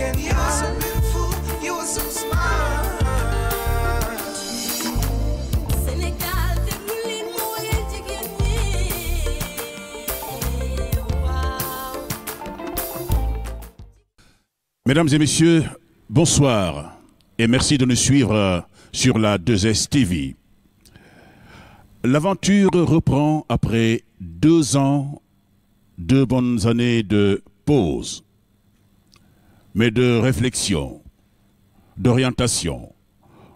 and you Mesdames et messieurs, bonsoir et merci de nous suivre sur la 2S TV. L'aventure reprend après deux ans, deux bonnes années de pause. mais de réflexion, d'orientation,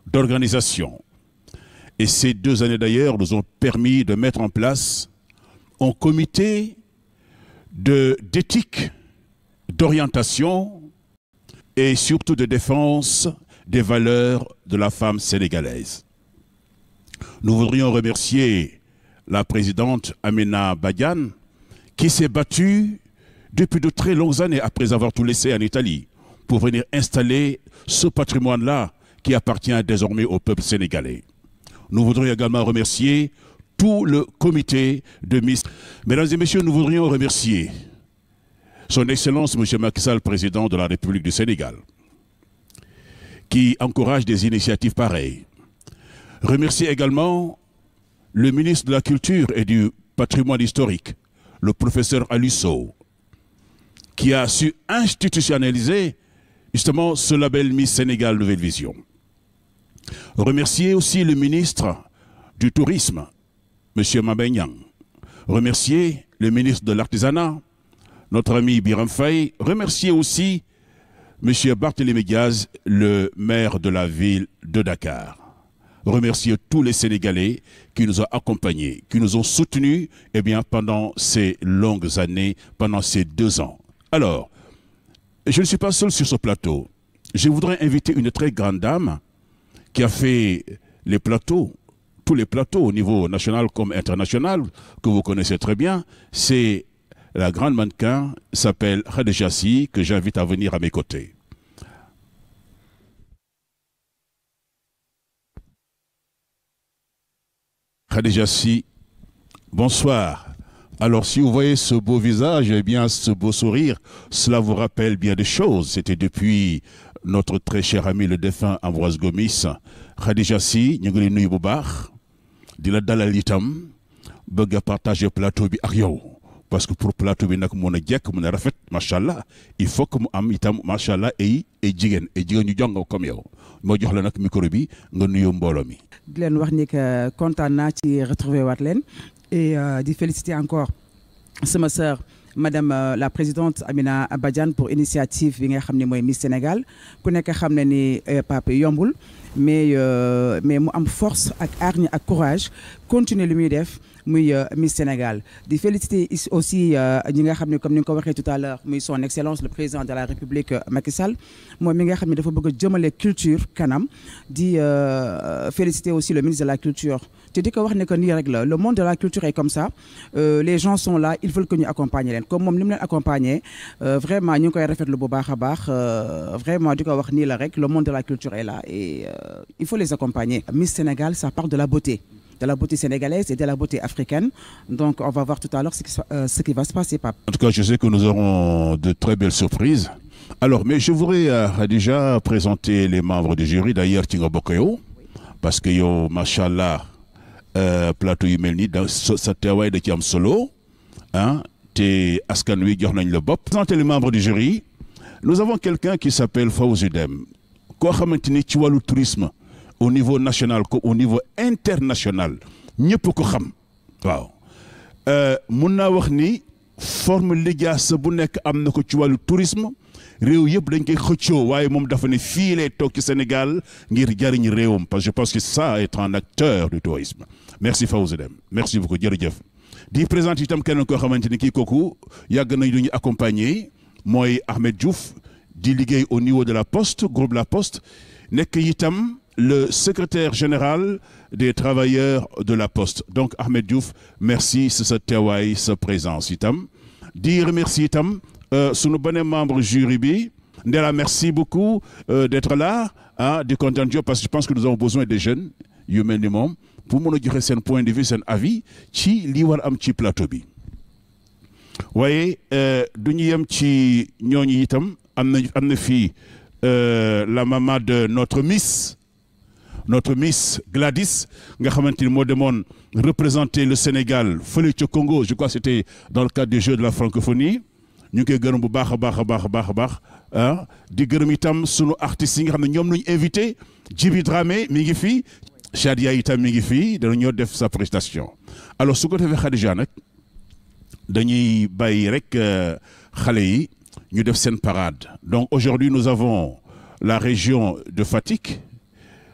d'organisation. Et ces deux années d'ailleurs nous ont permis de mettre en place un comité d'éthique, d'orientation et surtout de défense des valeurs de la femme sénégalaise. Nous voudrions remercier la présidente Amina Badian qui s'est battue depuis de très longues années après avoir tout laissé en Italie pour venir installer ce patrimoine-là qui appartient désormais au peuple sénégalais. Nous voudrions également remercier tout le comité de Miss. Mesdames et messieurs, nous voudrions remercier son Excellence Monsieur Macky Sall, président de la République du Sénégal, qui encourage des initiatives pareilles. Remercier également le ministre de la Culture et du Patrimoine historique, le professeur Alisso, qui a su institutionnaliser justement ce label Miss Sénégal Nouvelle Vision. Remercier aussi le ministre du Tourisme, monsieur Mbaye Niang. Remercier le ministre de l'Artisanat, notre ami Birame Faye. Remercier aussi monsieur Barthélémy Diaz, le maire de la ville de Dakar. Remercier tous les Sénégalais qui nous ont accompagnés, qui nous ont soutenus eh bien, pendant ces longues années, pendant ces deux ans. Alors, je ne suis pas seul sur ce plateau. Je voudrais inviter une très grande dame qui a fait les plateau tous les plateaux au niveau national comme international, que vous connaissez très bien. C'est la grande mannequin, s'appelle Khadija Sy, que j'invite à venir à mes côtés. bonsoir. Alors si vous voyez ce beau visage, eh bien ce beau sourire, cela vous rappelle bien des choses. C'était depuis notre très cher ami le défunt Ambroise Gomis Khadija si ñu ngi lay nuyu bu baax di la dalal itam bëgg a partager plateau bi ak yow parce que pour plateau bi nag mun a jekk mun a rafet macha allah il faut que mu am itam macha allah ay jigéen ay jigéen ñu jongo comme yow moo jox la nag micro bi nga nuyu mbooloo mi. di leen wax ni que kontaan naa ci waat leen et euh, di féliciter encore sama sœur madame euh, la présidente Amina bajan pour initiative bi nga xam ne mooy Miss Sénégal ku nekk xam ne ni euh, Pape yombul mais mais mu am force ak hargne ak courage continuer lu muy def muy Miss Sénégal di féliciter aussi ñi nga xam ni comme ni nga ko waxee tout à l'heure muy son excellence le président de la République Macky Sall moom mi nga xam ni dafa bëgg a jëmale culture kanam di féliciter aussi le ministre de la culture te di ko wax ne que nii rek la le monde de la culture est comme ça euh, les gens sont là ils veulent que ñu accompagner leen comme moom ni euh, ñu ngi koy rafetlu bu baax a baax euh, vraiment di ko wax nii la rek le monde de la culture est là et il faut les accompagner. Miss Sénégal ça part de la beauté. de la beauté sénégalaise et de la beauté africaine. Donc, on va voir tout à l'heure ce, euh, ce, qui va se passer, Pape. En tout cas, je sais que nous aurons de très belles surprises. Alors, mais je voudrais déjà présenter les membres du jury, d'ailleurs, Tigo Bokoyo, oui. parce que, yo, machallah, Euh, plateau yu mel nii da sa teewaay da ci am solo ah te askan wi jox nañ la bopp. présenté les membres du jury nous avons ki qui s'appelle Fawzi Deme koo xamante ni ci wàllu tourisme au niveau national comme au niveau international ñëpp ko xam waaw euh, mun naa wax ni forme lijaasa bu nekk am na ko ci wàllu tourisme réew yëpp dañ koy xëccoo waaye moom dafa ne fii lay Sénégal ngir jariñ réewam parce que je pense que ça est du tourisme merci Fawzi Deme merci beaucoup jërëjëf di présenter itam keneen koo xamante ni kii kooku yàgg nañ lu ñu accompagner mooy Ahmed Diouf di liggéey au niveau de la Poste groupe La Poste nekk itam le secrétaire général des travailleurs de la Poste donc Ahmed Diouf merci si sa teewaay sa présence itam di remercier itam euh, sunu beneen membres jury bi Ndella merci beaucoup euh, d'être là ah di kontaan parce que je pense que nous avons besoin des jeunes yu mel ni moom pour mën a joxe seen point de vue seen avis ci lii war am ci plateau bi waaye euh, du ñu yem ci ñooñu itam am na am na fii euh, la maman de notre Miss notre Miss Gladys nga xamante ni moo demoon représenter le Sénégal fële ca Congo je crois c'était dans le cadre des Jeux de la francophonie ñu ngi koy gërëm bu baax a baax a baax baax a baax ah di gërëm itam sunu artistes yi nga xam ne ñoom la invité Djibi Dramé mi ngi fii Chadia itam mi ngi fii ñoo def sa prestation alors su ko defee Khadija nag dañuy bàyyi rek euh, xale yi ñu def seen parade donc aujourd'hui nous avons la région de Fatick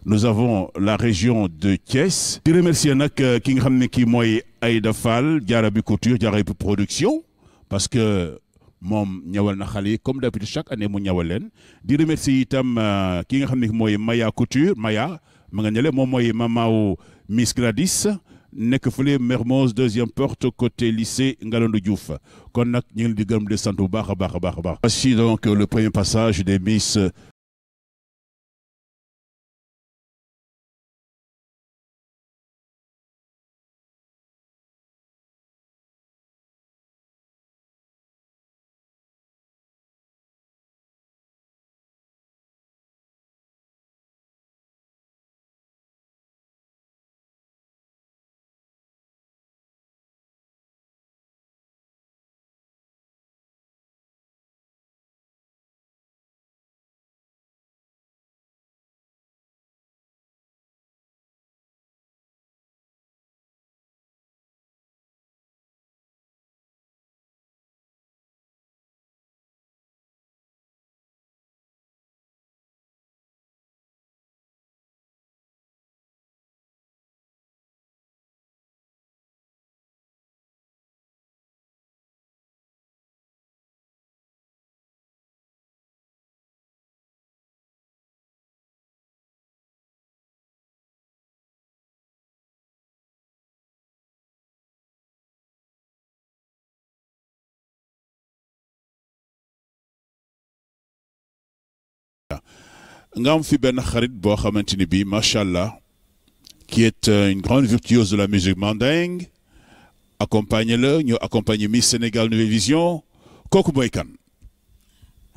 nous avons la région de Thiès. di remercier nag euh, ki nga xam ne kii mooy ay Aïda Fall Diarabi Couture Diarabi Production parce que moom ñawal na xale yi comme d'habitude chaque année moo ñawal leen di remercier itam euh, ki nga xam ne mooy Maya Couture Maya. ma nga ñële moom mooy Mamaw Miss Gladys nekk fële Mermoz deuxième porte côté lycée Ngalandou Diouf kon nag ñu ngi di gërëm di sant bu baax a baax a baax a baax. voici donc le premier passage des Miss nga am fi benn xarit boo xamante ni bii macha allah qui est euh, une grande virtuose de la musique mandingue accompagner la ñu accompagner mi Sénégal Nouvelle Vision kooku mooy kan.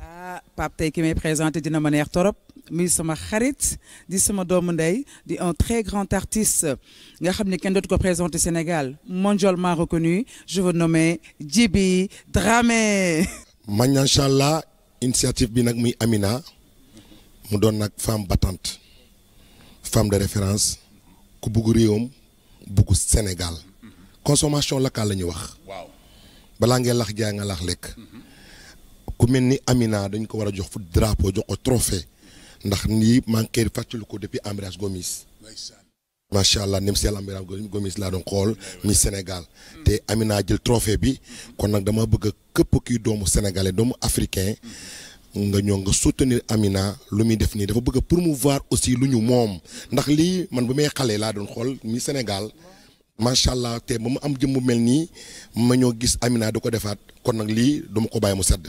ah Pape tey ki may présenté dina ma neex torop muy sama xarit di sama doomu ndey di un très grand artiste nga xam ne kenn dootu ko présenté Sénégal mondialement reconnu je veux nommer Djiby Dramé. mañ incha allah initiative bi nag muy Amina. mu doon nag femme battante femme de référence ku bugg réewam bugg Sénégal consommation locale la ñu wax. waaw balaa ngee lax jaay nga lax lekk. ku mel ni Amina dañ ko war a jox fu drapeau jox ko trophée ndax nii maa ngi koy fàttali ko depuis Ambroise Gomis. macha allah nem seel Ambroise Gomis laa doon xool mi Sénégal te Amina jël trophée bi kon nag dama bëgg a képp kii doomu sénégalais doomu africain. nga ñëw nga soutenir Amina lu muy def nii dafa bëgg a promouvoir aussi lu ñu moom ndax lii man bu may xale laa doon xool mi Sénégal macha allah te ba mu am jëmm mel nii ma ñoo gis Amina du ko defaat kon nag lii duma ko bàyyi mu sedd.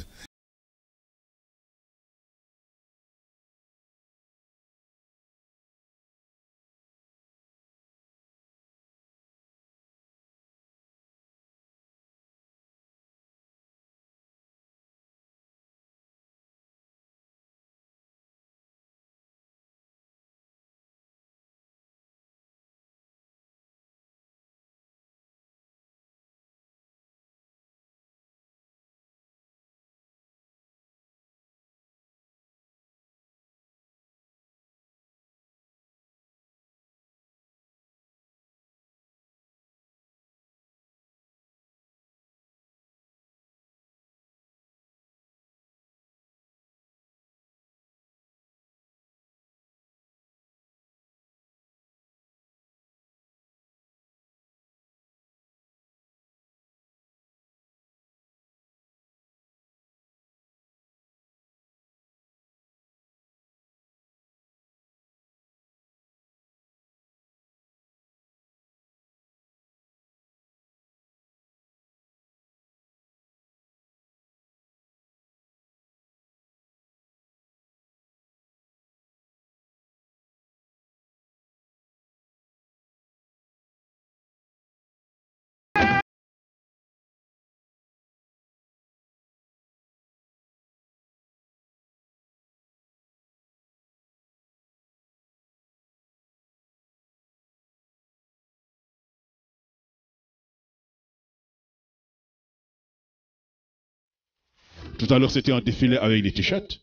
Tout à l'heure, c'était un défilé avec des t-shirts.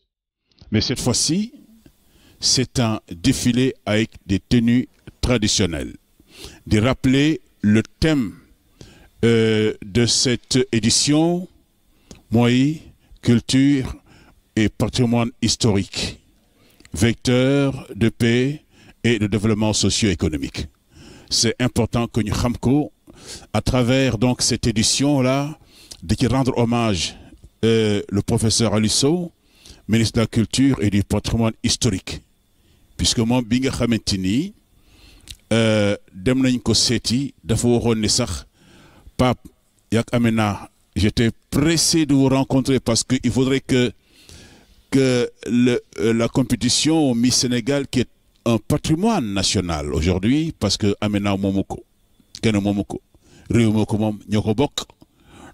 Mais cette c'est un défilé avec des tenues traditionnelles. De rappeler le thème euh, de cette édition, moi, culture et patrimoine historique, vecteur de paix et de développement socio-économique. C'est important que nous à travers donc cette édition-là, de qui rendre hommage Euh, le professeur Aliou Sow ministre de la culture et du patrimoine historique puisque moom bi nga xamante ni euh, dem nañ ko seeti dafa waxoon ni sax Pape yak Amina j'étais pressé de vous rencontrer parce que il faudrait que que le euh, la compétition mi Sénégal qui est un patrimoine national aujourd'hui parce que Amina moomu ko kenn moomu ko réew moom ñoo ko bokk.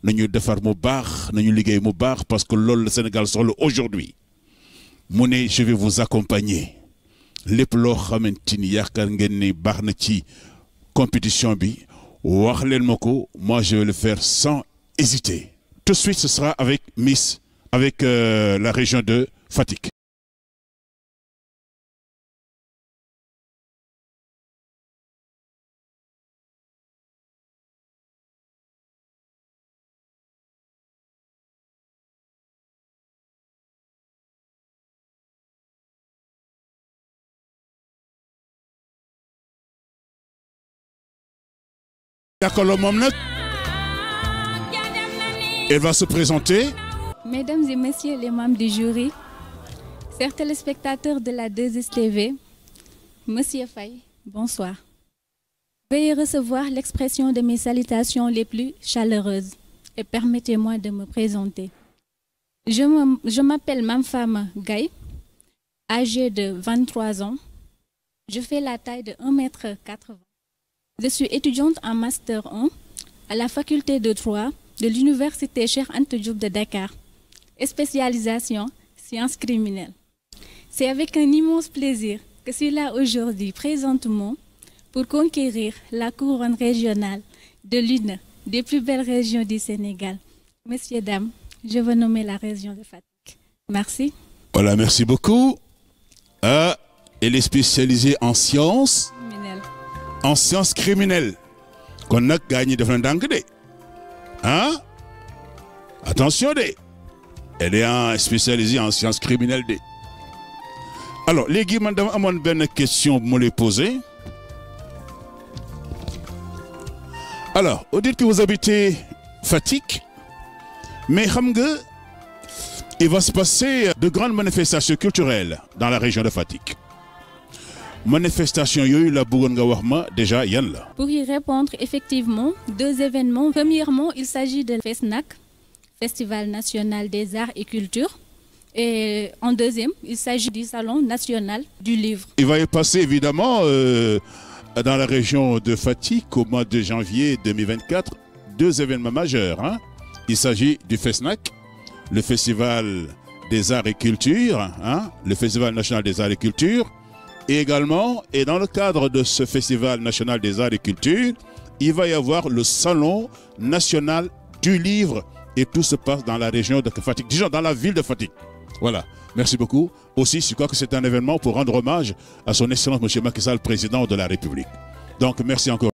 nañu defar mu baax nañu liggéey mu baax parce que loolu la Sénégal soxla aujourd'hui mu ne je vais vous accompagner lépp loo xamante ni yaakaar ngeen ni baax na ci compétition bi wax leen ma ko moi je vais le faire sans hésiter tout de suite ce sera avec Miss avec euh, la région de Fatick jàkkaarloo moom nag elle va se présenter. Mesdames et messieurs les membres du jury, chers de la 2STV, Monsieur Faye, bonsoir. Veuillez recevoir de mes salutations les plus chaleureuses et permettez de me présenter. Je m'appelle Mamfama Gaye, âgée de 23 ans. Je suis étudiante en Master on à la faculté de droit de l'Université Cheikh Anta Diop de Dakar, et spécialisation sciences criminelles. C'est avec un immense plaisir que je suis là aujourd'hui, présentement, pour conquérir la couronne régionale de l'une des plus belles régions du Sénégal. Messieurs, dames, je veux nommer la région de Fatick. Merci. Voilà, merci beaucoup. Euh, elle est spécialisée en sciences. en sciences criminelles kon nag gaa ñi def na ndànk de ah attention de elle est en spécialisée en sciences criminelles de alors léegi man dama amoon benn question bu ma lay alors vous dites que vous habitez Fatick mais xam nga il va se passer de grandes manifestations culturelles dans la région de Fatick manifestation yooyu la bëggoon nga wax ma déjà yan la. pour y répondre effectivement deux événements premièrement il s'agit de FESNAC Festival national des arts et Et en deuxième, il s'agit Salon national du livre. Il va y passer évidemment euh, dans région de Fatick au mois de janvier 2024 deux événements majeurs. Hein. Il s'agit du FESNAC, le Festival des arts et culture, le Festival national des arts et culture, Et également, et dans le cadre de ce Festival national des arts et cultures, il va y avoir le Salon national du livre. Et tout se passe dans la région de Fatick, disons dans la ville de Fatick. Voilà. Merci beaucoup. Aussi, je crois que c'est un événement pour rendre hommage à son Excellence Monsieur Macky Sall, président de la République. Donc, merci encore.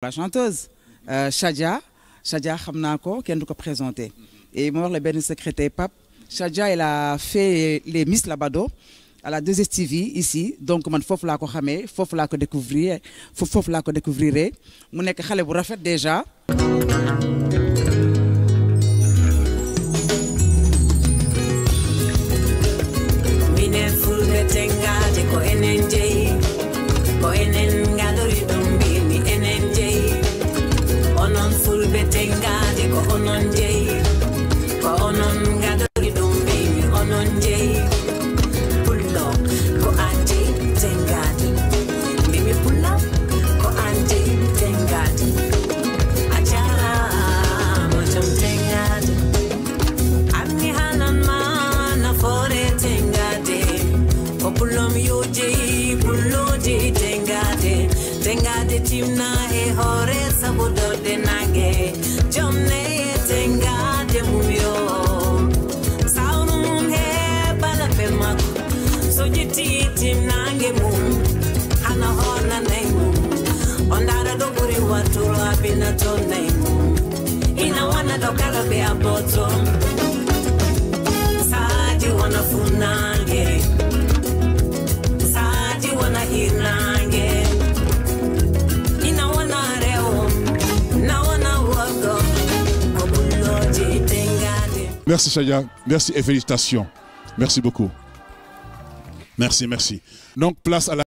la chanteuse Chadia euh, Chadia xam naa ko kenn du ko présenté et moo wax la benn secrétaire Pape Chadia elle a fait les Miss Labado à la 2STV ici donc man foofu laa ko xamee foofu laa ko découvrir foofu laa ko découvrir mu nekk xale bu rafet déjà Sadia, merci et félicitations. Merci beaucoup. Merci, merci. Donc, place à la...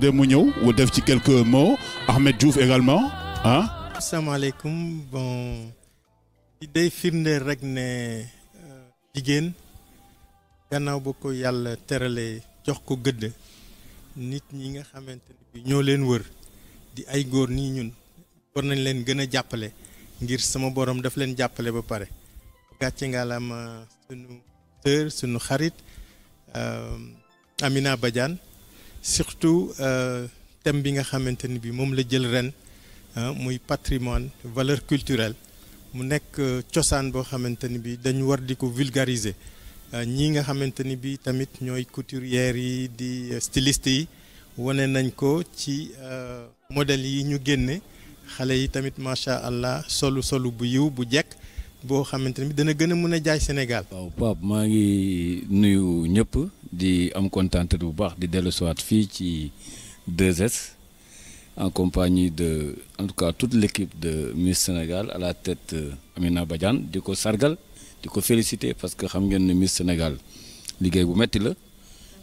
de mu ñëw wu def ci quelques mots Ahmed Diouf également ah. asalaamaaleykum bon li day firndeel rek ne euh, jigéen gannaaw ba ko yàlla teralee jox ko gëdd nit ñi nga xamante ni bi ñoo leen wër di ay góor nii ñun war nañ leen gën a jàppale ngir sama borom daf leen jàppale ba pare gàcce ngaalaama sunu sœur sunu xarit euh, Amina Badiane. surtout euh, thème bi nga xamante ni bi moom la jël ren muy patrimoine valeur culturelle mu nekk euh, cosaan boo xamante ni bi dañu war di ko vulgariser euh, ñi nga xamante ni bi tamit ñooy couturières yi di styliste yi wane nañ ko ci modèles yi ñu génne xale yi tamit macha allah solu solu bu yiw bu jekk boo xamante ne bi dana gën a mën a jaay Sénégal. waaw Pape maa ngi nuyu ñëpp di am contente bu baax di dellu siwaat fii ci deux s en compagnie de en tout cas toute l' équipe de Miss Sénégal à la tête euh, Amina Badiane di ko sargal di ko féliciter parce que xam ngeen ne Miss Sénégal liggéey bu metti la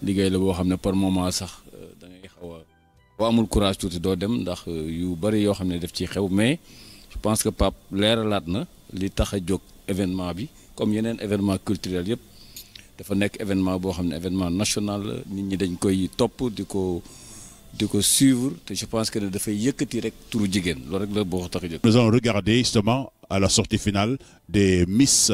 liggéey la boo xam ne par moment sax euh, da ngay xaw a boo amul courage tuuti doo dem ndax euh, yu bari yoo xam ne daf ci xew mais je pense que Pape leeralaat na. li tax a jóg événement bi comme yeneen événement culturel yëpp dafa nekk événement boo xam ne événement national nit ñi dañ koy topp di ko di ko suivre te je pense que ne dafay yëkkati rek turu jigéen loolu rek la boo tax a jóg. Nous allons regarder justement à la sortie finale des Miss.